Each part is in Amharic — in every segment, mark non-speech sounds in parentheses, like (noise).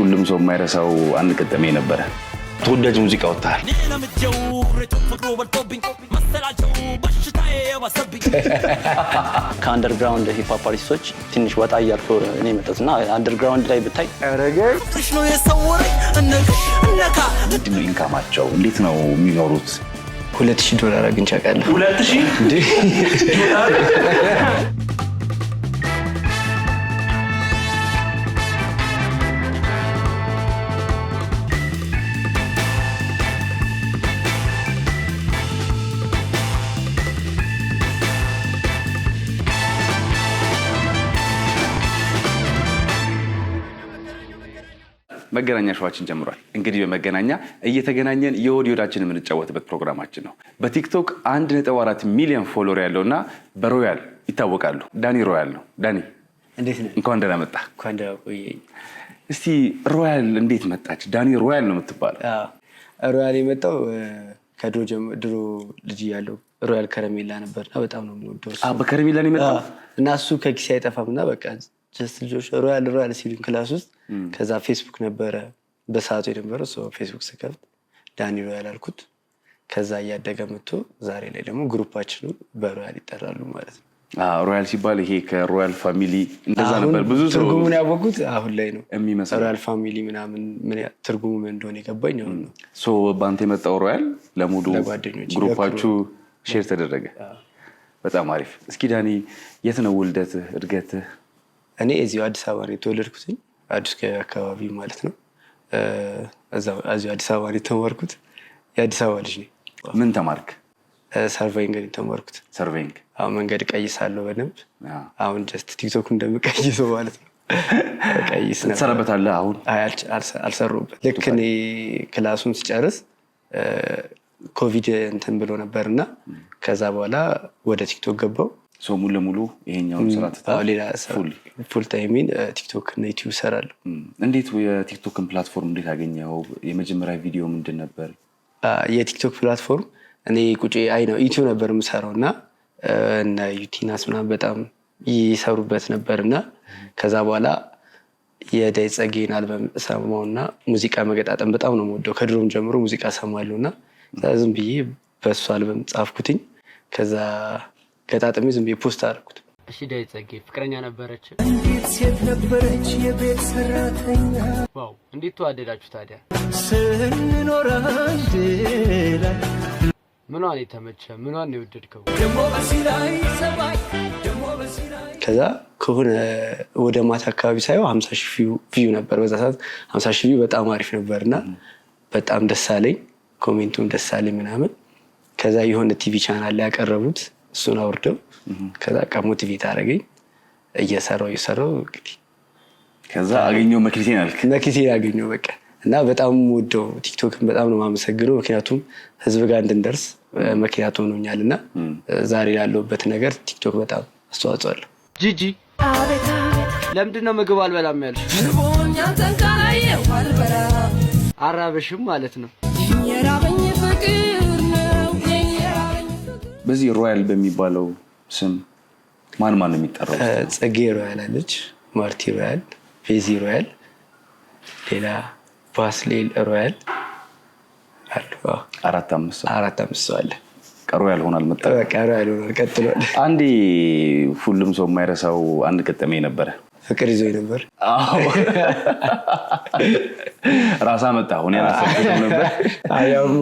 ሁሉም ሰው የማይረሳው አንድ ገጠሜ ነበረ። ተወዳጅ ሙዚቃ ወጥታል። ከአንደርግራውንድ ሂፓፕ አርቲስቶች ትንሽ ወጣ እያልኩ እኔ መጠትና አንደርግራውንድ ላይ ብታይ ምንድን ነው ኢንካማቸው? እንዴት ነው የሚኖሩት? ሁለት ሺህ ዶላር ሁለት አውቃለሁ። መገናኛ ሸዋችን ጀምሯል። እንግዲህ በመገናኛ እየተገናኘን የወድ ወዳችን የምንጫወትበት ፕሮግራማችን ነው። በቲክቶክ 1.4 ሚሊዮን ፎሎወር ያለውና በሮያል ይታወቃሉ። ዳኒ ሮያል ነው። ዳኒ እንኳን ደህና መጣ። እስቲ ሮያል እንዴት መጣች? ዳኒ ሮያል ነው የምትባለው። ሮያል የመጣው ከድሮ ድሮ ልጅ ያለው ሮያል ከረሜላ ነበርና በጣም ነው በከረሜላ ነው የመጣው እና እሱ ከኪሴ አይጠፋም እና በቃ ጀስት ልጆች ሮያል ሮያል ሲሉኝ ክላስ ውስጥ ከዛ ፌስቡክ ነበረ በሰዓቱ የነበረ ፌስቡክ ስከፍት ዳኒ ሮያል አልኩት። ከዛ እያደገ መጥቶ ዛሬ ላይ ደግሞ ግሩፓችን በሮያል ይጠራሉ ማለት ነው። ሮያል ሲባል ይሄ ከሮያል ፋሚሊ እንደዛ ነበር። ብዙ ትርጉሙን ያወቁት አሁን ላይ ነው የሚመስለው። ሮያል ፋሚሊ ምናምን ትርጉሙ ምን እንደሆነ የገባኝ አሁን ነው። በአንተ የመጣው ሮያል ለሙሉ ግሩፓችሁ ሼር ተደረገ። በጣም አሪፍ። እስኪ ዳኒ የት ነው ውልደትህ እድገትህ? እኔ እዚሁ አዲስ አበባ ነው የተወለድኩትኝ፣ አዲስ ገበያ አካባቢ ማለት ነው። እዚሁ አዲስ አበባ ነው የተማርኩት። የአዲስ አበባ ልጅ ነኝ። ምን ተማርክ? ሰርቬይንግ ነው የተማርኩት። ሰርቬይንግ አሁን መንገድ ቀይሳለሁ በደንብ አሁን ጀስት ቲክቶክ እንደምቀይሰው ማለት ነው። ቀይስ ትሰራበታለህ? አሁን አልሰሩበት። ልክ እኔ ክላሱን ስጨርስ ኮቪድ እንትን ብሎ ነበር እና ከዛ በኋላ ወደ ቲክቶክ ገባው ሰው ሙሉ ለሙሉ ይሄኛውን ስራ ትታሌላ ፉል ታይሜን ቲክቶክ እና ዩቲዩብ እሰራለሁ። እንዴት የቲክቶክን ፕላትፎርም እንዴት አገኘው? የመጀመሪያ ቪዲዮ ምንድን ነበር? የቲክቶክ ፕላትፎርም እኔ ቁጭ አይ ነው ዩቲዩብ ነበር የምሰራው እና እነ ዩቲናስ ምናምን በጣም ይሰሩበት ነበር እና ከዛ በኋላ የዳይ ጸጌን አልበም ሰማው እና ሙዚቃ መገጣጠም በጣም ነው የምወደው። ከድሮም ጀምሮ ሙዚቃ ሰማለሁ እና ዝም ብዬ በሱ አልበም ጻፍኩትኝ ከዛ ገጣጥሜ ዝም ፖስት አደረኩት። እሺ ዳዊት ጸጌ ፍቅረኛ ነበረች? እንዴት ሴት ነበረች፣ የቤት ሰራተኛ። ዋው! እንዴት ተዋደዳችሁ ታዲያ? ስንኖር አንድ ላይ ምኗን የተመቸ ምኗን የወደድከው? ከዛ ከሆነ ወደ ማታ አካባቢ ሳየው ሀምሳ ሺ ቪዩ ነበር በዛ ሰዓት። ሀምሳ ሺ ቪዩ በጣም አሪፍ ነበር እና በጣም ደስ አለኝ፣ ኮሜንቱም ደስ አለኝ ምናምን። ከዛ የሆነ ቲቪ ቻናል ላይ ያቀረቡት እሱን አውርደው ከዛ ቃ ሞቲቬት አደረገኝ። እየሰራው እየሰራው እንግዲህ ከዛ አገኘው መክሊቴን አልክ መክሊቴን አገኘው በቃ እና በጣም ወደው ቲክቶክን በጣም ነው ማመሰግነው ምክንያቱም ህዝብ ጋር እንድንደርስ ምክንያት ሆኖኛል እና ዛሬ ያለሁበት ነገር ቲክቶክ በጣም አስተዋጽኦ አለው። ጂጂ ለምንድን ነው ምግብ አልበላም ያል አራበሽም ማለት ነው። በዚህ ሮያል በሚባለው ስም ማን ማን ነው የሚጠራው? ጽጌ ሮያል አለች፣ ማርቲ ሮያል፣ ፌዚ ሮያል፣ ሌላ ቫስሌል ሮያል አሉ። አራት አምስት አራት አምስት ሰው አለ። መጣ። ቀጥሏል። አንዴ ሁሉም ሰው የማይረሳው አንድ ገጠመኝ ነበረ። ፍቅር ይዞ ነበር። ራሳ መጣ ሁ ነበር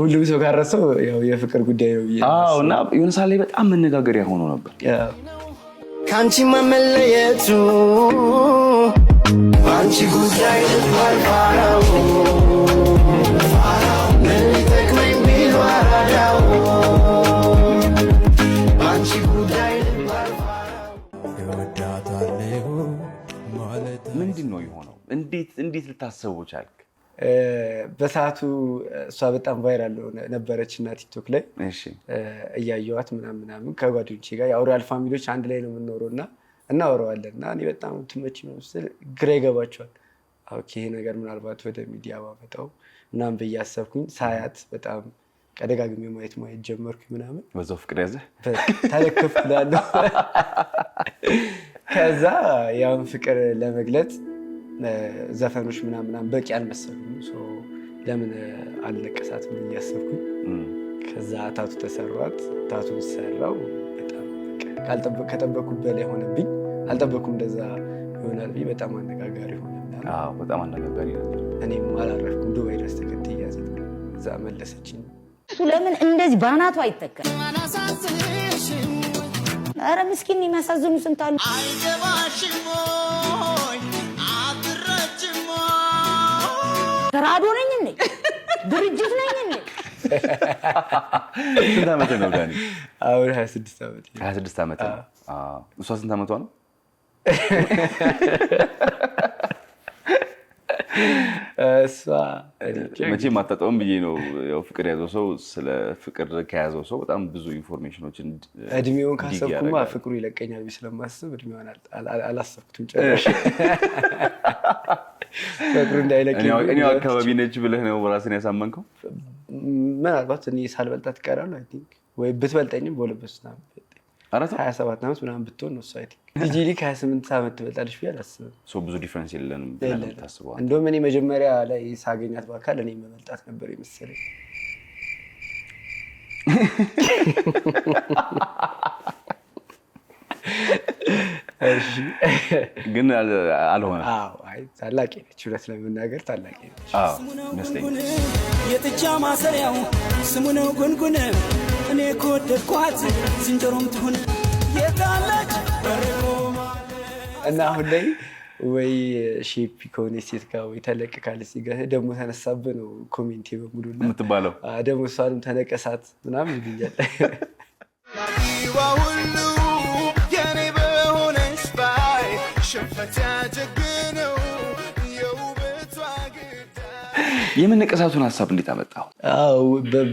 ሁሉም ሰው ካረሰው የፍቅር ጉዳይ ነው እና የሆነ ላይ በጣም መነጋገር ሆኖ ነበር። ከአንቺ መመለየቱ አንቺ ጉዳይ ልባልባረው እንዴት እንዴት ልታሰቡ ቻልክ? በሰዓቱ እሷ በጣም ቫይራል ነበረች እና ቲክቶክ ላይ እያየዋት ምናምን ምናምን ከጓደኞቼ ጋር ሪያል ፋሚሊዎች አንድ ላይ ነው የምንኖረው እና እናወራዋለን እና እኔ በጣም ትመች ስል ግራ ይገባቸዋል። ይሄ ነገር ምናልባት ወደ ሚዲያ ባመጣው ምናምን ብዬ አሰብኩኝ። ሳያት በጣም ቀደጋግሜ ማየት ማየት ጀመርኩኝ ምናምን በዛው ፍቅር ያዘ ተለክፍ (laughs) ከዛ ያውን ፍቅር ለመግለጽ ዘፈኖች ምናምናም በቂ አልመሰሉም። ለምን አለቀሳት ምን እያሰብኩኝ ከዛ ታቱ ተሰሯት። ታቱ ሰራው ከጠበኩ ከጠበቅኩት በላይ ሆነብኝ። አልጠበኩም እንደዛ ይሆናል ብዬ በጣም አነጋጋሪ ሆነ። በጣም አነጋጋሪ እኔም አላረፍኩም። ዱባይ ድረስ ተከት እያዘ እዛ መለሰችኝ። እሱ ለምን እንደዚህ በአናቱ አይተከል? ኧረ ምስኪን የሚያሳዝኑ ስንት አሉ። አይገባሽም ተራዶ ነኝ እ ድርጅት ነኝ እ ስንት ዓመት ነው ዳኒ? አሁን ሀያ ስድስት ዓመት ነው። እሷ ስንት ዓመቷ ነው? መቼ ማታጠውም ብዬ ነው። ያው ፍቅር ያዘው ሰው ስለ ፍቅር ከያዘው ሰው በጣም ብዙ ኢንፎርሜሽኖችን እድሜውን ካሰብኩማ ፍቅሩ ይለቀኛል ስለማስብ እድሜውን አላሰብኩትም ጨረሻ (laughs) ፍቅሩ እንዳይለቅ እኔ አካባቢ ነች ብለህ ነው ራስን ያሳመንከው? ምናልባት እኔ ሳልበልጣ ትቀራለህ ወይ ብትበልጠኝም በሁለት በሶስት ዓመት ሀያ ሰባት ዓመት ምናምን ብትሆን ነው እሷ ዲጂ ሊግ ሀያ ስምንት ዓመት ትበልጣለች ብዬ አላስብም። ብዙ ዲፍረንስ የለንም። እንደውም እኔ መጀመሪያ ላይ ሳገኛት በአካል እኔ መበልጣት ነበር የመሰለኝ (laughs) ግን አልሆነ። ታላቂ ነች፣ እውነት ለመናገር ታላቂ ነች። የጥጃ ማሰሪያው ስሙ ነው ጉንጉን። እኔ ከወደድኳት ዝንጀሮም ትሁን የታለች እና አሁን ላይ ወይ ሼፕ ከሆነ ሴት ጋር ወይ ተለቅካል ካለ ደግሞ ተነሳብህ ነው ኮሜንት በሙሉ የምትባለው ደግሞ እሷንም ተነቀሳት ምናምን ይሉኛል። የመነቀሳቱን ሀሳብ እንዴት አመጣው? አዎ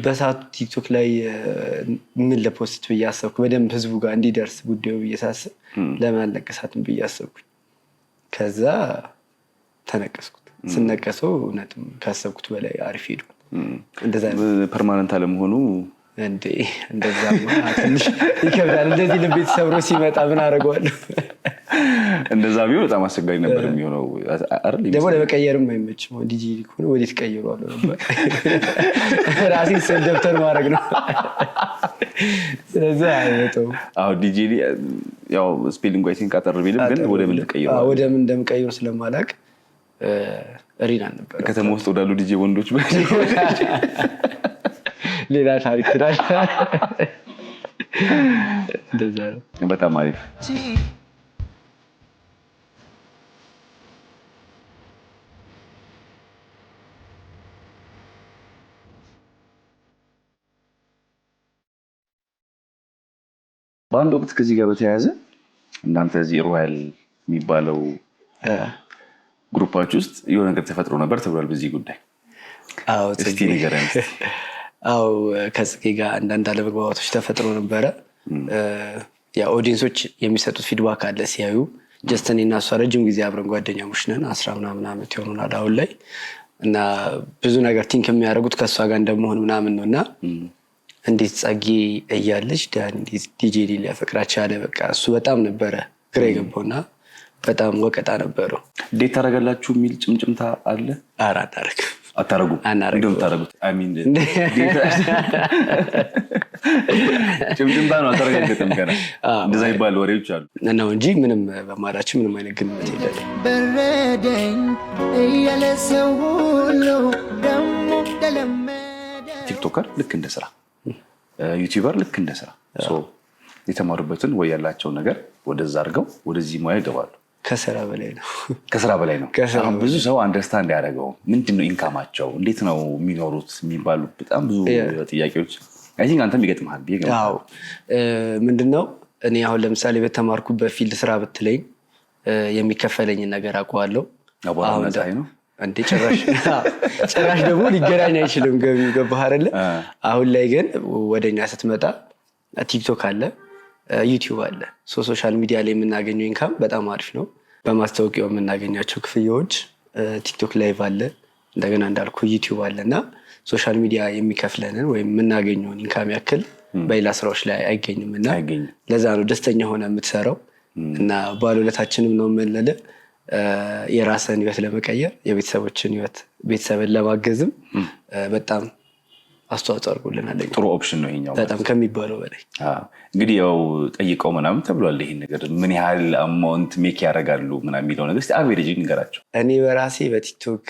በሰዓቱ ቲክቶክ ላይ ምን ለፖስት ብዬ አሰብኩ። በደንብ ህዝቡ ጋር እንዲደርስ ጉዳዩ ብዬ ሳስብ ለምን አልነቀሳትም ብዬ አሰብኩኝ። ከዛ ተነቀስኩት። ስነቀሰው እውነትም ካሰብኩት በላይ አሪፍ ሄዱ ፐርማነንት አለመሆኑ እንዴ እንደዛ ትንሽ ይከብዳል። እንደዚህ ልቤት ሰብሮ ሲመጣ ምን አደርገዋለሁ እንደዛ ቢሆን በጣም አስቸጋሪ ነበር የሚሆነው። ደግሞ ለመቀየርም አይመች ዲጂ ሆነ ወዴት ቀይረዋለሁ ነበር ራሴን ስል ደብተር ማድረግ ነው። ስለዚ አይመጣውም። አዎ ዲጂ ያው ስፔሊንግ ይሲን ቀጠር ቢልም ግን ወደ ምን ልቀይረ ወደ ምን እንደምቀይሩ ስለማላቅ ሪን አልነበረ ከተማ ውስጥ ወዳሉ ዲጄ ወንዶች ሌላ ታሪክ ትላለህ። እንደዛ ነው። በጣም አሪፍ በአንድ ወቅት ከዚህ ጋር በተያያዘ እናንተ እዚህ ሮያል የሚባለው ግሩፓች ውስጥ የሆነ ነገር ተፈጥሮ ነበር ተብሏል። በዚህ ጉዳይ እስኪ ንገረን። (laughs) ከጽጌ ጋር አንዳንድ አለመግባባቶች ተፈጥሮ ነበረ። ኦዲየንሶች የሚሰጡት ፊድባክ አለ ሲያዩ ጀስተን እኔ እና እሷ ረጅም ጊዜ አብረን ጓደኛሞች ነን። አስራ ምናምን ዓመት የሆኑናል አሁን ላይ እና ብዙ ነገር ቲንክ የሚያደርጉት ከእሷ ጋር እንደመሆን ምናምን ነው እና እንዴት ጸጌ እያለች ዳን ዲጄ ሊያፈቅራት ቻለ? በቃ እሱ በጣም ነበረ ግራ የገባውና በጣም ወቀጣ ነበረው። እንዴት ታደርጋላችሁ የሚል ጭምጭምታ አለ። ኧረ አታረግ አታረጉ አናደርግም። (laughs) ጭምጭምታ ነው፣ አልተረጋገጠም ገና። እንደዛ ይባል ወሬዎች አሉ ነው እንጂ ምንም በማላችን ምንም አይነት ግንኙነት የለም። በረደኝ እያለ ሰው ሁሉ ደግሞ ተለመደ። ቲክቶከር ልክ እንደ ስራ ዩቲዩበር ልክ እንደ ስራ የተማሩበትን ወይ ያላቸውን ነገር ወደዛ አድርገው ወደዚህ ሙያ ይገባሉ። ከስራ በላይ ነው። ከስራ በላይ ነው። አሁን ብዙ ሰው አንደርስታንድ ያደረገው ምንድን ነው ኢንካማቸው፣ እንዴት ነው የሚኖሩት የሚባሉ በጣም ብዙ ጥያቄዎች አይ ቲንክ አንተም ይገጥመል ው ምንድን ነው እኔ አሁን ለምሳሌ በተማርኩበት ፊልድ ስራ ብትለኝ የሚከፈለኝን ነገር አውቀዋለሁ። አንዴ ጭራሽ (laughs) ጭራሽ ደግሞ ሊገናኝ አይችልም። ገቢ ገባህ አይደለ? አሁን ላይ ግን ወደኛ ስትመጣ ቲክቶክ አለ፣ ዩቲዩብ አለ። ሶሻል ሚዲያ ላይ የምናገኘው ኢንካም በጣም አሪፍ ነው። በማስታወቂያው የምናገኛቸው ክፍያዎች ቲክቶክ ላይቭ አለ፣ እንደገና እንዳልኩ ዩቲዩብ አለ እና ሶሻል ሚዲያ የሚከፍለንን ወይም የምናገኘውን ኢንካም ያክል በሌላ ስራዎች ላይ አይገኝም እና ለዛ ነው ደስተኛ ሆነ የምትሰራው እና ባለውለታችንም ነው የምንልህ የራስን ህይወት ለመቀየር የቤተሰቦችን ህይወት ቤተሰብን ለማገዝም በጣም አስተዋጽኦ አድርጎልናል። ጥሩ ኦፕሽን ነው ይኸኛው በጣም ከሚባለው በላይ እንግዲህ ያው ጠይቀው ምናምን ተብሏል። ይህን ነገር ምን ያህል አማውንት ሜክ ያደርጋሉ ምና የሚለው ነገር አቬሬጅ ንገራቸው። እኔ በራሴ በቲክቶክ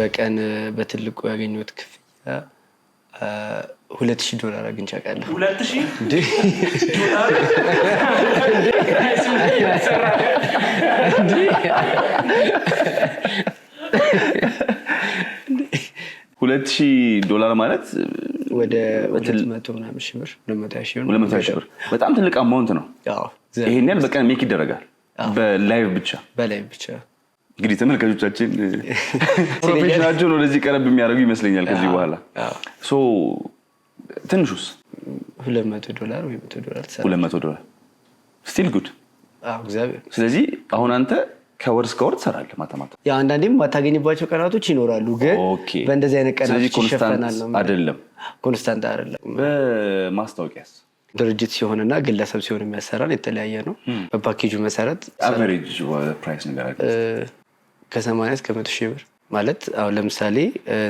በቀን በትልቁ ያገኘሁት ክፍያ ሁለት ሺህ ዶላር አግኝቼ አውቃለሁ። ሁለት ሺህ ዶላር ማለት ወደ ሺህ በጣም ትልቅ አማውንት ነው። ይሄን ያህል በቀን ሜክ ይደረጋል። በላይቭ ብቻ በላይቭ ብቻ እንግዲህ ተመልካቾቻችን (laughs) ፕሮፌሽናቸውን ወደዚህ ቀረብ የሚያደርጉ ይመስለኛል። ከዚህ በኋላ ትንሹስ ሁለት መቶ ዶላር ስቲል ጉድ። ስለዚህ አሁን አንተ ከወር እስከ ወር ትሰራለህ ማታ ማታ። ያው አንዳንዴም የማታገኝባቸው ቀናቶች ይኖራሉ፣ ግን በእንደዚህ አይነት ቀናቶች ይሸፈናል። አይደለም ኮንስታንት አይደለም። በማስታወቂያስ ድርጅት ሲሆንና ግለሰብ ሲሆን የሚያሰራን የተለያየ ነው። በፓኬጁ መሰረት አቨሬጅ ፕራይስ ነገር ከሰማንያ እስከ መቶ ሺህ ብር ማለት አሁን ለምሳሌ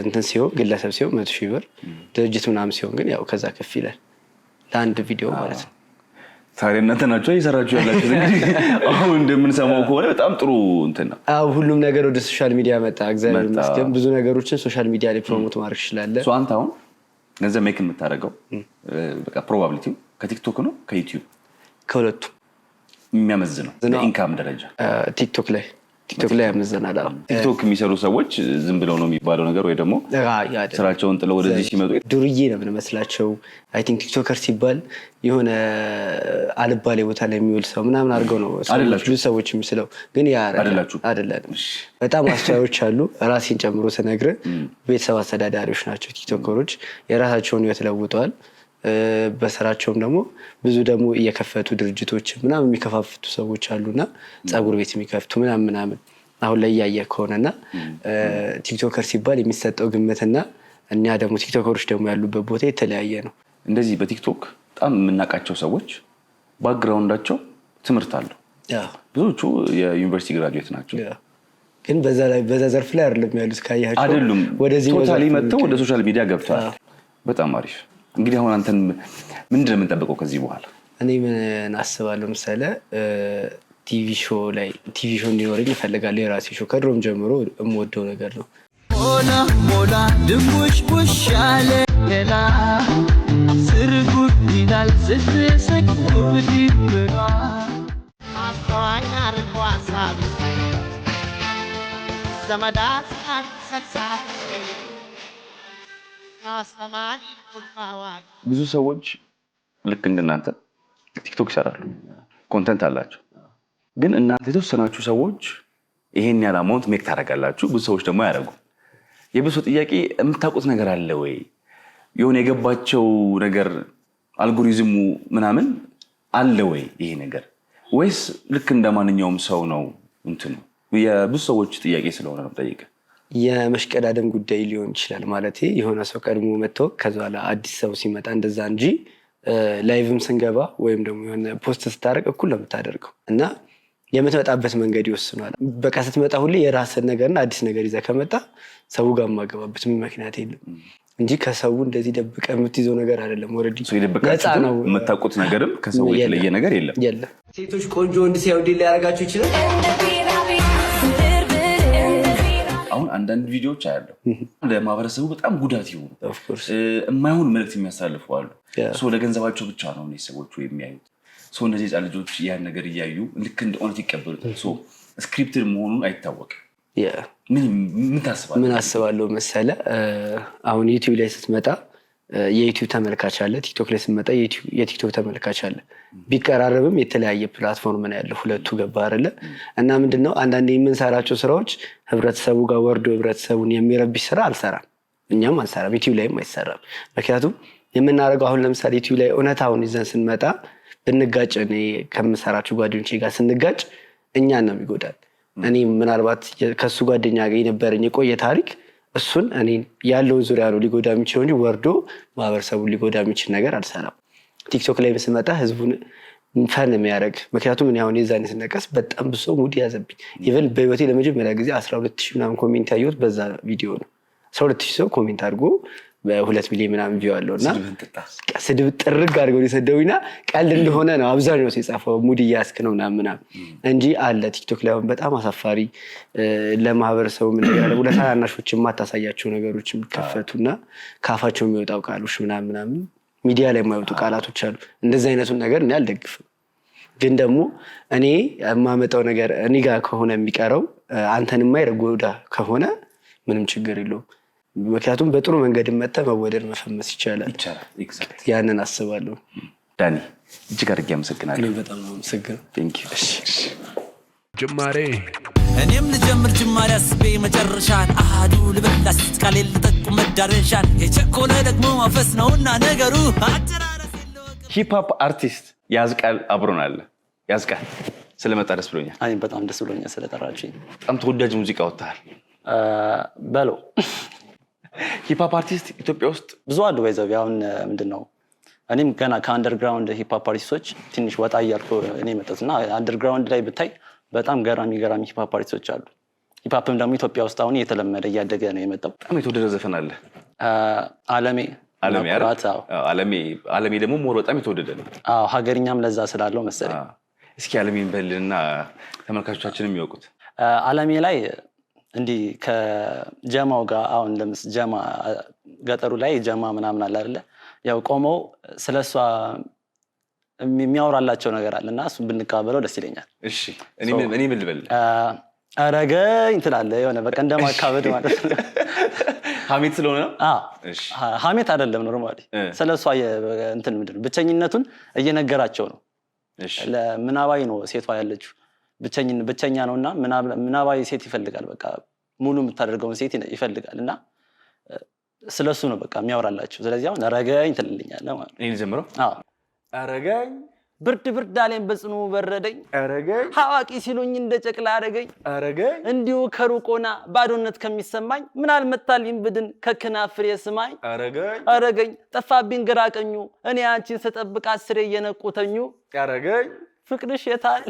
እንትን ሲሆን ግለሰብ ሲሆን መቶ ሺህ ብር ድርጅት ምናምን ሲሆን ግን ያው ከዛ ከፍ ይላል ለአንድ ቪዲዮ ማለት ነው። ዛሬ እናንተ ናቸው እየሰራችሁ ያላችሁ። እንግዲህ (laughs) አሁን እንደምንሰማው ከሆነ በጣም ጥሩ እንትን ነው። ሁሉም ነገር ወደ ሶሻል ሚዲያ መጣ። እግዚአብሔር ይመስገን ብዙ ነገሮችን ሶሻል ሚዲያ ላይ ፕሮሞት ማድረግ ትችላለህ። አንተ አሁን ገንዘብ ሜክ የምታደርገው በቃ ፕሮባብሊቲው ከቲክቶክ ነው ከዩቲዩብ ከሁለቱ የሚያመዝ ነው? ኢንካም ደረጃ ቲክቶክ ላይ ቲክቶክ ላይ ያመዘናል። ቲክቶክ የሚሰሩ ሰዎች ዝም ብለው ነው የሚባለው ነገር ወይ ደግሞ ስራቸውን ጥለው ወደዚህ ሲመጡ ዱርዬ ነው የምንመስላቸው። አይ ቲንክ ቲክቶከር ሲባል የሆነ አልባሌ ቦታ ላይ የሚውል ሰው ምናምን አድርገው ነው ብዙ ሰዎች የሚስለው፣ ግን አይደለም። በጣም አስተዋዮች አሉ። ራሴን ጨምሮ ስነግር ቤተሰብ አስተዳዳሪዎች ናቸው ቲክቶከሮች። የራሳቸውን ህይወት ለውጠዋል። በስራቸውም ደግሞ ብዙ ደግሞ እየከፈቱ ድርጅቶች ምናምን የሚከፋፍቱ ሰዎች አሉና ፀጉር ቤት የሚከፍቱ ምናምን ምናምን አሁን ላይ እያየ ከሆነና ቲክቶከር ሲባል የሚሰጠው ግምትና እኛ ደግሞ ቲክቶከሮች ደግሞ ያሉበት ቦታ የተለያየ ነው። እንደዚህ በቲክቶክ በጣም የምናውቃቸው ሰዎች ባክግራውንዳቸው ትምህርት አለው። ብዙዎቹ የዩኒቨርሲቲ ግራጁዌት ናቸው። ግን በዛ ዘርፍ ላይ አይደለም ያሉት። ካያቸው አይደሉም ወደዚህ ቶታሊ መጥተው ወደ ሶሻል ሚዲያ ገብተዋል። በጣም አሪፍ እንግዲህ አሁን አንተን ምንድን ነው የምንጠብቀው ከዚህ በኋላ? እኔ ምን አስባለሁ ምሳሌ ቲቪ ሾ ላይ ቲቪ ሾ እንዲኖረኝ ይፈልጋለሁ የራሴ ሾ ከድሮም ጀምሮ የምወደው ነገር ነው። ሞላ ሞላ ድንቡሽቡሽ ያለ ሌላ ስር ይላል ስትስቅ ውድ ብሏ አስተዋይ አርጎ ሀሳብ ዘመዳት ሰሳ ብዙ ሰዎች ልክ እንደናንተ ቲክቶክ ይሰራሉ፣ ኮንተንት አላቸው። ግን እናንተ የተወሰናችሁ ሰዎች ይሄን ያህል አማውንት ሜክ ታደርጋላችሁ፣ ብዙ ሰዎች ደግሞ አያደርጉም። የብሶ ጥያቄ የምታውቁት ነገር አለ ወይ? የሆነ የገባቸው ነገር አልጎሪዝሙ ምናምን አለ ወይ ይሄ ነገር ወይስ ልክ እንደ ማንኛውም ሰው ነው? እንትኑ የብዙ ሰዎች ጥያቄ ስለሆነ ነው ጠይቀ የመሽቀዳደም ጉዳይ ሊሆን ይችላል። ማለት የሆነ ሰው ቀድሞ መጥቶ ከዛ በኋላ አዲስ ሰው ሲመጣ እንደዛ እንጂ ላይቭም ስንገባ ወይም ደግሞ የሆነ ፖስት ስታደርግ እኩል ለምታደርገው እና የምትመጣበት መንገድ ይወስኗል። በቃ ስትመጣ ሁሌ የራስን ነገርና አዲስ ነገር ይዛ ከመጣ ሰው ጋር የማገባበት ምክንያት የለም እንጂ ከሰው እንደዚህ ደብቀ የምትይዘው ነገር አይደለም። ወረድ ነው የምታውቁት ነገርም ከሰው የተለየ ነገር የለም። ሴቶች ቆንጆ ወንድ ሲያዩ ሊያረጋቸው ይችላል አሁን አንዳንድ ቪዲዮዎች አያለሁ ለማህበረሰቡ በጣም ጉዳት ይሆኑ የማይሆን መልዕክት የሚያሳልፉ አሉ። ለገንዘባቸው ብቻ ነው ሰዎቹ የሚያዩት። እነዚህ ህፃን ልጆች ያን ነገር እያዩ ልክ እንደ እውነት ይቀበሉታል። መሆኑን አይታወቅም። ምን ታስባለህ? ምን አስባለሁ መሰለ አሁን ዩቲዩብ ላይ ስትመጣ የዩቲዩብ ተመልካች አለ። ቲክቶክ ላይ ስመጣ የቲክቶክ ተመልካች አለ። ቢቀራረብም የተለያየ ፕላትፎርም ነው ያለው። ሁለቱ ገባ አይደለ? እና ምንድነው አንዳንዴ የምንሰራቸው ስራዎች ህብረተሰቡ ጋር ወርዶ ህብረተሰቡን የሚረብሽ ስራ አልሰራም፣ እኛም አልሰራም፣ ዩቲዩብ ላይም አይሰራም። ምክንያቱም የምናደርገው አሁን ለምሳሌ ዩቲዩብ ላይ እውነታውን ይዘን ስንመጣ ብንጋጭ፣ እኔ ከምሰራቸው ጓደኞቼ ጋር ስንጋጭ እኛን ነው የሚጎዳል። እኔ ምናልባት ከሱ ጓደኛ ጋር የነበረኝ የቆየ ታሪክ እሱን እኔ ያለውን ዙሪያ ነው ሊጎዳ የሚችለው እንጂ ወርዶ ማህበረሰቡን ሊጎዳ የሚችል ነገር አልሰራም። ቲክቶክ ላይ በስመጣ ህዝቡን ፈን የሚያደርግ ምክንያቱም እኔ አሁን የዛኔ ስነቀስ በጣም ብዙ ሙድ ያዘብኝ። ኢቨን በህይወቴ ለመጀመሪያ ጊዜ አስራ ሁለት ሺህ ምናምን ኮሜንት ያየሁት በዛ ቪዲዮ ነው። አስራ ሁለት ሺህ ሰው ኮሜንት አድርጎ በሁለት ሚሊዮን ምናምን ቪው አለው እና ስድብ ጥርግ አድርገው የሰደቡኝና ቀልድ እንደሆነ ነው አብዛኛው ሰው የጻፈው። ሙድ እያስክ ነው ምናምን እንጂ አለ ቲክቶክ ላይ አሁን በጣም አሳፋሪ ለማህበረሰቡ እንደገና ለታናናሾች የማታሳያቸው ነገሮች የሚከፈቱና ካፋቸው የሚወጣው ቃሎች ምናምን ምናምን ሚዲያ ላይ የማይወጡ ቃላቶች አሉ። እንደዚህ አይነቱን ነገር እኔ አልደግፍም። ግን ደግሞ እኔ የማመጣው ነገር እኔ ጋር ከሆነ የሚቀረው አንተን የማይረጎዳ ከሆነ ምንም ችግር የለውም። ምክንያቱም በጥሩ መንገድ መጠ መወደድ መፈመስ ይቻላል። ያንን አስባለሁ። ዳኒ እጅግ አድርጌ አመሰግናለሁ። በጣም አመሰግናለሁ። ጅማሬ እኔም ልጀምር ጅማሬ አስቤ መጨረሻን አህዱ ልበል ላስት ልጠቁ መዳረሻን የቸኮለ ደግሞ ማፈስ ነውና ነገሩ ሂፕሆፕ አርቲስት ያዝቃል አብሮን አለ ያዝቃል፣ ስለመጣ ደስ ብሎኛል። በጣም ደስ ብሎኛል ስለጠራችኝ። በጣም ተወዳጅ ሙዚቃ ወጥተሃል በለው ሂፓፕ አርቲስት ኢትዮጵያ ውስጥ ብዙ አሉ። ወይዘብ አሁን ምንድን ነው እኔም ገና ከአንደርግራውንድ ሂፓፕ አርቲስቶች ትንሽ ወጣ እያልኩ እኔ መጠት እና አንደርግራውንድ ላይ ብታይ በጣም ገራሚ ገራሚ ሂፓፕ አርቲስቶች አሉ። ሂፓፕም ደግሞ ኢትዮጵያ ውስጥ አሁን እየተለመደ እያደገ ነው የመጣው። በጣም የተወደደ ዘፈን አለ አለሜ አለሜ ደግሞ ሞር በጣም የተወደደ ነው። ሀገርኛም ለዛ ስላለው መሰለኝ። እስኪ አለሜን በልና ተመልካቾቻችን የሚወቁት አለሜ ላይ እንዲህ ከጀማው ጋር አሁን ለምስ ጀማ ገጠሩ ላይ ጀማ ምናምን አለ አለ ያው ቆመው ስለ እሷ የሚያወራላቸው ነገር አለ እና እሱ ብንቀባበለው ደስ ይለኛል። እሺ እኔ ምን ልበል አረገኝ ትላለህ። የሆነ በቃ እንደማካበድ ማለት ነው። (laughs) ሀሜት ስለሆነ ነው። ሀሜት አደለም ኖርማሊ ስለ እሷ እንትን ምድ ብቸኝነቱን እየነገራቸው ነው። ለምናባይ ነው ሴቷ ያለችው ብቸኛ ነው እና ምናባዊ ሴት ይፈልጋል። በቃ ሙሉ የምታደርገውን ሴት ይፈልጋል እና ስለሱ ነው በቃ የሚያወራላቸው። ስለዚህ አሁን ረገኝ ትልልኛለ ማለት ይህን ጀምሮ ረገኝ ብርድ ብርድ አለኝ በጽኑ በረደኝ፣ ረገኝ ሀዋቂ ሲሉኝ እንደ ጨቅላ አረገኝ፣ ረገኝ እንዲሁ ከሩቆና ባዶነት ከሚሰማኝ ምን አልመታልኝ ብድን ፍሬ ስማኝ፣ ረገኝ አረገኝ ጠፋብኝ ግራ እኔ አንቺን ስጠብቅ አስሬ እየነቁተኙ ረገኝ ፍቅርሽ የታል?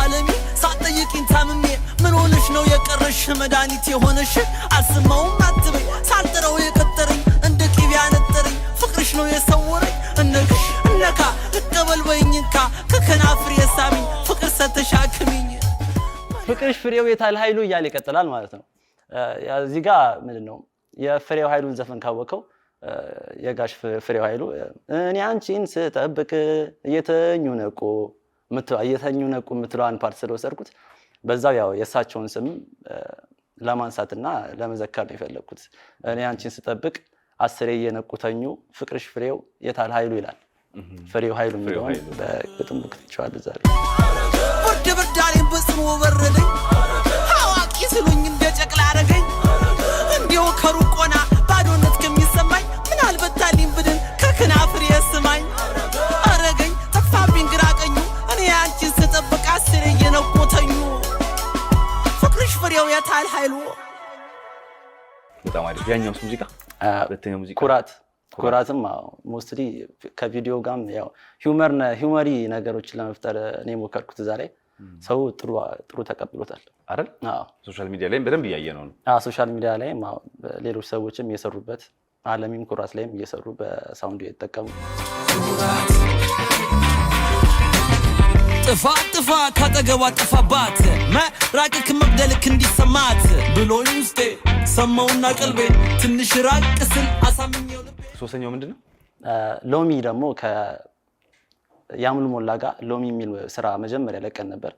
አለሚ ሳትጠይቂኝ ታምሜ ምን ሆነሽ ነው የቀረሽ መድኃኒት የሆነሽ አልስማውም አትበይ ሳልጥረው የቀጠረኝ እንደ ቂቤ ያነጠረኝ ፍቅርሽ ነው የሰወረኝ እነግሽ እነካ እቀበል በይኝ እንካ ከከናፍር የሳሚኝ ፍቅር ሰተሻክሚኝ ፍቅርሽ ፍሬው የታል ኃይሉ እያለ ይቀጥላል ማለት ነው። እዚህ ጋ ምንድን ነው የፍሬው ኃይሉን ዘፈን ካወቀው የጋሽ ፍሬው ኃይሉ እኔ አንቺን ስጠብቅ እየተኙ ነቁ እየተኙ ነቁ የምትለዋን ፓርት ስለወሰድኩት በዛው ያው የእሳቸውን ስም ለማንሳትና ለመዘከር ነው የፈለግኩት። እኔ አንቺን ስጠብቅ አስሬ እየነቁ ተኙ፣ ፍቅርሽ ፍሬው የታል ኃይሉ ይላል። ፍሬው ኃይሉ የሚለውን በግጥም ብክትቸዋል። ዛ ብርድ ብርዳሌን አሌን በጽሞ በረደኝ አዋቂ ስሉኝ እንደ ጨቅላ አረገኝ ያኛው ሙዚቃ ሁለተኛው ሙዚቃ ኩራት ኩራትም አዎ ሞስትሊ ከቪዲዮ ጋም ያው ሂውመሪ ነገሮችን ለመፍጠር እኔ ሞከርኩት ዛሬ ሰው ጥሩ ጥሩ ተቀብሎታል አይደል? ሶሻል ሚዲያ ላይም በደንብ እያየ ነው። ሶሻል ሚዲያ ላይም ሌሎች ሰዎችም እየሰሩበት አለሚም ኩራት ላይም እየሰሩ በሳውንድ እየተጠቀሙ ጥፋት ጥፋት ካጠገቧ ጠፋባት መራቅክ መግደልክ እንዲሰማት ብሎኝ ውስጤ ሰማውና ቀልቤ ትንሽ ራቅ ስል አሳምኘው ልቤ። ሶስተኛው ምንድን ነው? ሎሚ ደግሞ ከያምሉ ሞላ ጋር ሎሚ የሚል ስራ መጀመሪያ ለቀን ነበር።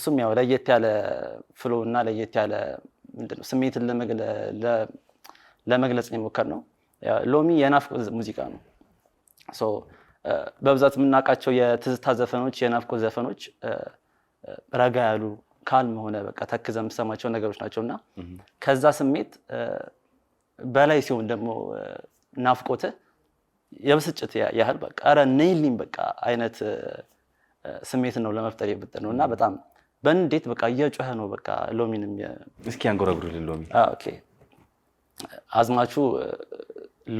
እሱም ያው ለየት ያለ ፍሎ እና ለየት ያለ ስሜትን ለመግለጽ የሞከር ነው። ሎሚ የናፍቆት ሙዚቃ ነው። በብዛት የምናውቃቸው የትዝታ ዘፈኖች፣ የናፍቆት ዘፈኖች ረጋ ያሉ ካልም ሆነ በቃ ተክዘ የምሰማቸው ነገሮች ናቸው እና ከዛ ስሜት በላይ ሲሆን ደግሞ ናፍቆት የብስጭት ያህል በቃ ኧረ ነይልኝ በቃ አይነት ስሜት ነው ለመፍጠር የብጥ ነው እና በጣም በእንዴት በቃ እየጮኸ ነው በቃ ሎሚንም እስኪ አንጎራጉሩልን ሎሚ አዝማቹ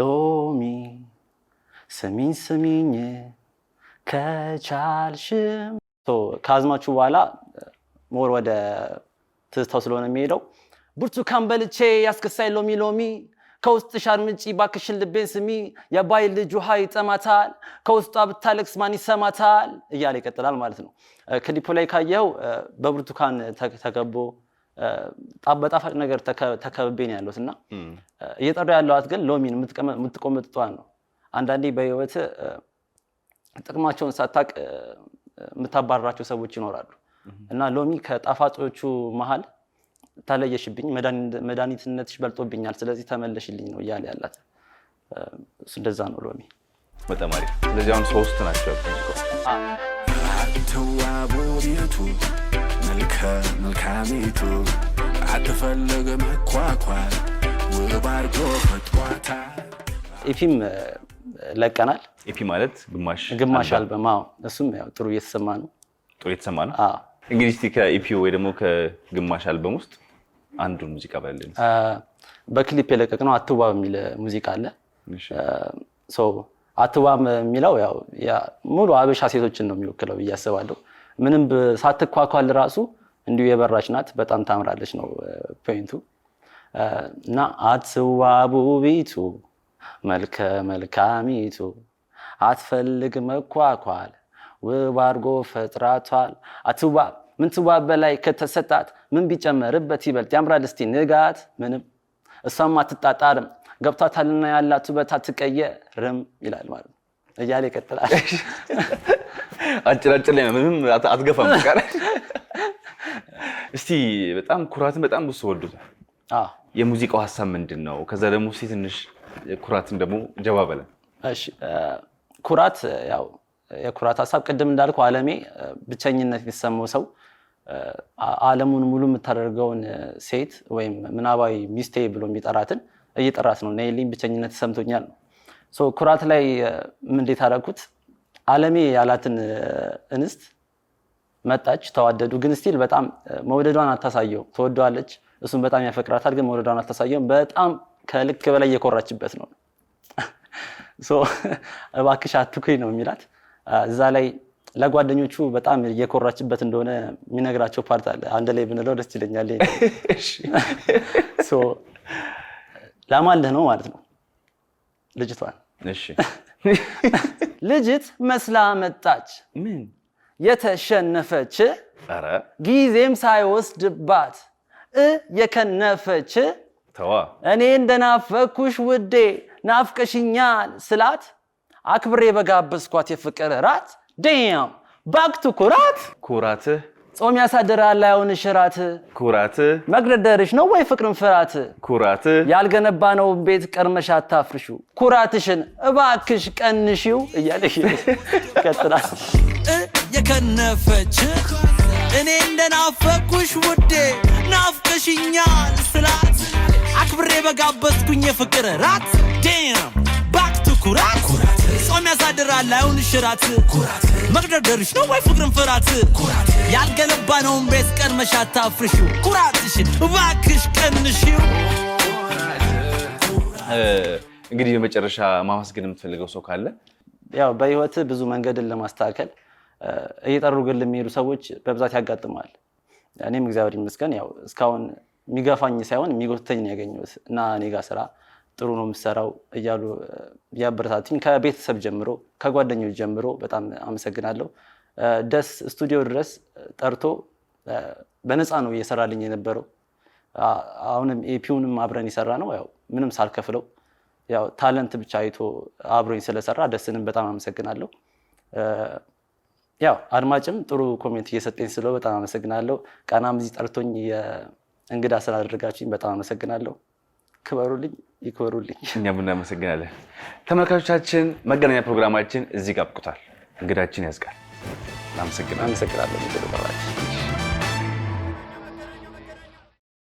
ሎሚ ስሚኝ ስሚኝ ከቻልሽም ከአዝማችሁ በኋላ ሞር ወደ ትዝታው ስለሆነ የሚሄደው ብርቱካን በልቼ ያስከሳይ ሎሚ ሎሚ ከውስጥሽ አድምጪ ባክሽን ልቤን ስሚ የአባይ ልጅ ውሃ ይጠማታል ከውስጧ ብታለቅስ ማን ይሰማታል እያለ ይቀጥላል ማለት ነው። ክሊፑ ላይ ካየው በብርቱካን ተከቦ በጣፋጭ ነገር ተከብቤን ያለሁት እና እየጠሩ ያለዋት ግን ሎሚን የምትቆመጥጧን ነው። አንዳንዴ በህይወት ጥቅማቸውን ሳታቅ የምታባራቸው ሰዎች ይኖራሉ እና ሎሚ ከጣፋጮቹ መሀል ታለየሽብኝ፣ መድኃኒትነትሽ በልጦብኛል፣ ስለዚህ ተመለሽልኝ ነው እያለ ያላት። እንደዛ ነው ሎሚ። በጣም አሪፍ። ስለዚህ አሁን ሶስት ናቸው። ተዋቡ መልከ መልካሚቱ አትፈለገ መኳኳል ውባርጎ አድርጎ ኢፊም ለቀናል። ኤፒ ማለት ግማሽ ግማሽ አልበም። አዎ እሱም ያው ጥሩ እየተሰማ ነው። ጥሩ እየተሰማ ነው። አዎ እንግዲህ እስቲ ከኢፒ ወይ ደግሞ ከግማሽ አልበም ውስጥ አንዱን ሙዚቃ በለልን። በክሊፕ የለቀቅነው አትዋብ የሚል ሙዚቃ አለ። አትዋብ የሚለው ያው ሙሉ አበሻ ሴቶችን ነው የሚወክለው ብዬ አስባለሁ። ምንም ሳትኳኳል ራሱ እንዲሁ የበራች ናት። በጣም ታምራለች ነው ፖይንቱ እና አትዋቡ ቢቱ መልከ መልካሚቱ አትፈልግ መኳኳል ውብ አድርጎ ፈጥራቷል። አትዋብ ምንትዋብ በላይ ከተሰጣት ምን ቢጨመርበት ይበልጥ ያምራል እስቲ ንጋት ምንም እሷም አትጣጣርም ገብቷታልና ያላት ውበት አትቀየርም ይላል ማለት ነው እያለ ይቀጥላል። (laughs) አጭር ላይ ምንም አትገፋም። ቀረ እስቲ በጣም ኩራትን በጣም ብዙ ወዱት የሙዚቃው ሀሳብ ምንድን ነው? ከዛ ደግሞ እስቲ ትንሽ ኩራትን ደግሞ ጀባ በለን። ኩራት ያው የኩራት ሀሳብ ቅድም እንዳልኩ አለሜ ብቸኝነት የሚሰማው ሰው አለሙን ሙሉ የምታደርገውን ሴት ወይም ምናባዊ ሚስቴ ብሎ የሚጠራትን እየጠራት ነው። ኔሊም ብቸኝነት ተሰምቶኛል ነው። ኩራት ላይ እንዴት አደረኩት? አለሜ ያላትን እንስት መጣች፣ ተዋደዱ። ግን ስቲል በጣም መውደዷን አታሳየው። ትወደዋለች፣ እሱም በጣም ያፈቅራታል፣ ግን መውደዷን አታሳየውም በጣም ከልክ በላይ እየኮራችበት ነው። (laughs) እባክሽ አትኩኝ ነው የሚላት። እዛ ላይ ለጓደኞቹ በጣም እየኮራችበት እንደሆነ የሚነግራቸው ፓርት አለ። አንድ ላይ ብንለው ደስ ይለኛል። (laughs) ላማለህ ነው ማለት ነው ልጅቷን። (laughs) ልጅት መስላ መጣች ምን የተሸነፈች ጊዜም ሳይወስድባት የከነፈች እኔ እንደናፈኩሽ ውዴ ናፍቀሽኛል ስላት አክብሬ በጋበዝኳት የፍቅር ራት ደያም ባክቱ ኩራት ኩራትህ ጾም ያሳድራል አይሆንሽ ራት ኩራት መግደርደርሽ ነው ወይ ፍቅርን ፍራት ኩራትህ ያልገነባ ነው ቤት ቀርመሽ አታፍርሹ ኩራትሽን እባክሽ ቀንሺው እያለ (laughs) ይቀጥላል። የከነፈች እኔ እንደናፈኩሽ ውዴ ናፍቀሽኛል ስላት አክብሬ በጋበዝኩኝ የፍቅር ራት ዴም ባክ ቱ ኩራት ጾም ያሳድራል አይሁን ሽራት መቅደርደርሽ ነው ወይ ፍቅርን ፍራት ያልገነባነውን ቤት ቀን መሻታ አፍርሺው ኩራትሽን እባክሽ ቀንሺው። እንግዲህ በመጨረሻ ማመስገን የምትፈልገው ሰው ካለ ያው በህይወት ብዙ መንገድን ለማስተካከል እየጠሩ ግን ለሚሄዱ ሰዎች በብዛት ያጋጥማል። እኔም እግዚአብሔር ይመስገን ያው እስካሁን የሚገፋኝ ሳይሆን የሚጎተኝ ነው ያገኘሁት እና እኔ ጋር ስራ ጥሩ ነው የምሰራው እያሉ ያበረታትኝ ከቤተሰብ ጀምሮ ከጓደኞች ጀምሮ በጣም አመሰግናለሁ። ደስ ስቱዲዮ ድረስ ጠርቶ በነፃ ነው እየሰራልኝ የነበረው። አሁንም ኤፒውንም አብረን የሰራ ነው ያው ምንም ሳልከፍለው ያው ታለንት ብቻ አይቶ አብሮኝ ስለሰራ ደስንም በጣም አመሰግናለሁ። ያው አድማጭም ጥሩ ኮሜንት እየሰጠኝ ስለው በጣም አመሰግናለሁ። ቃናም እዚህ ጠርቶኝ እንግዳ ስላደረጋችሁኝ በጣም አመሰግናለሁ። ክበሩልኝ፣ ይክበሩልኝ። እኛም እናመሰግናለን። ተመልካቾቻችን፣ መገናኛ ፕሮግራማችን እዚህ ጋብቁታል። እንግዳችን ያዝጋል። አመሰግናለሁ።